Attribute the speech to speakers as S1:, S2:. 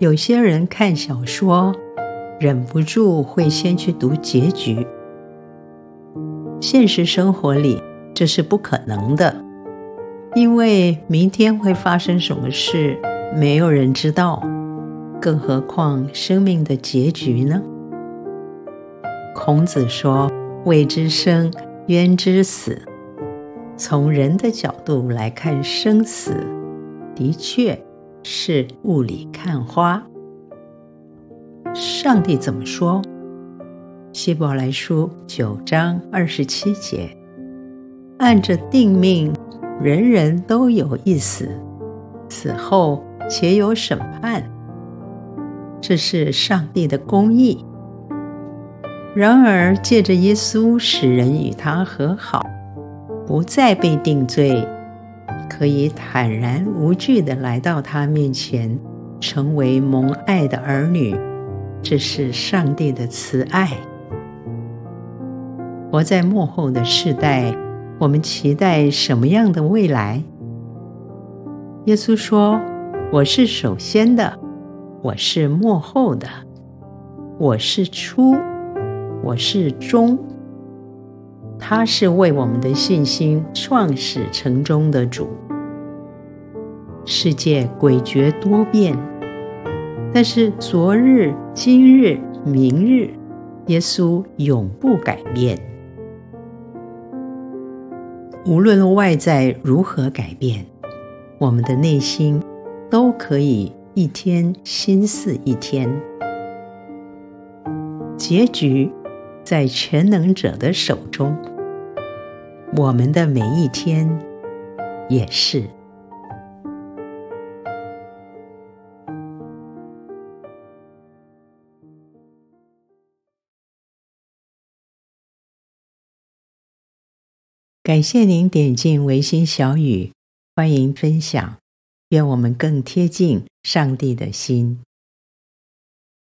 S1: 有些人看小說，忍不住會先去讀結局。現實生活裡，這是不可能的，因為明天會發生什麼事，沒有人知道。更何況生命的結局呢？孔子說：“未知生，焉知死？”從人的角度來看，生死的確。是霧裡看花。上帝怎麼說？希伯來書九章二十七節：按着定命，人人都有一死，死後且有審判。這是上帝的公義。然而，借着耶穌，使人與他和好，不再被定罪。可以坦然無懼地來到他面前，成為蒙愛的兒女，這是上帝的慈愛。活在末後的世代，我們期待什麼樣的未來？耶穌說：“我是首先的，我是末後的，我是初，我是終。”他是為我們的信心創始成終的主。世界詭譎多變，但是昨日、今日、明日，耶穌永不改變。無論外在如何改變，我們的內心都可以一天新似一天。結局在全能者的手中。我們的每一天，也是。感謝您點進唯心小語，歡迎分享，願我們更貼近上帝的心。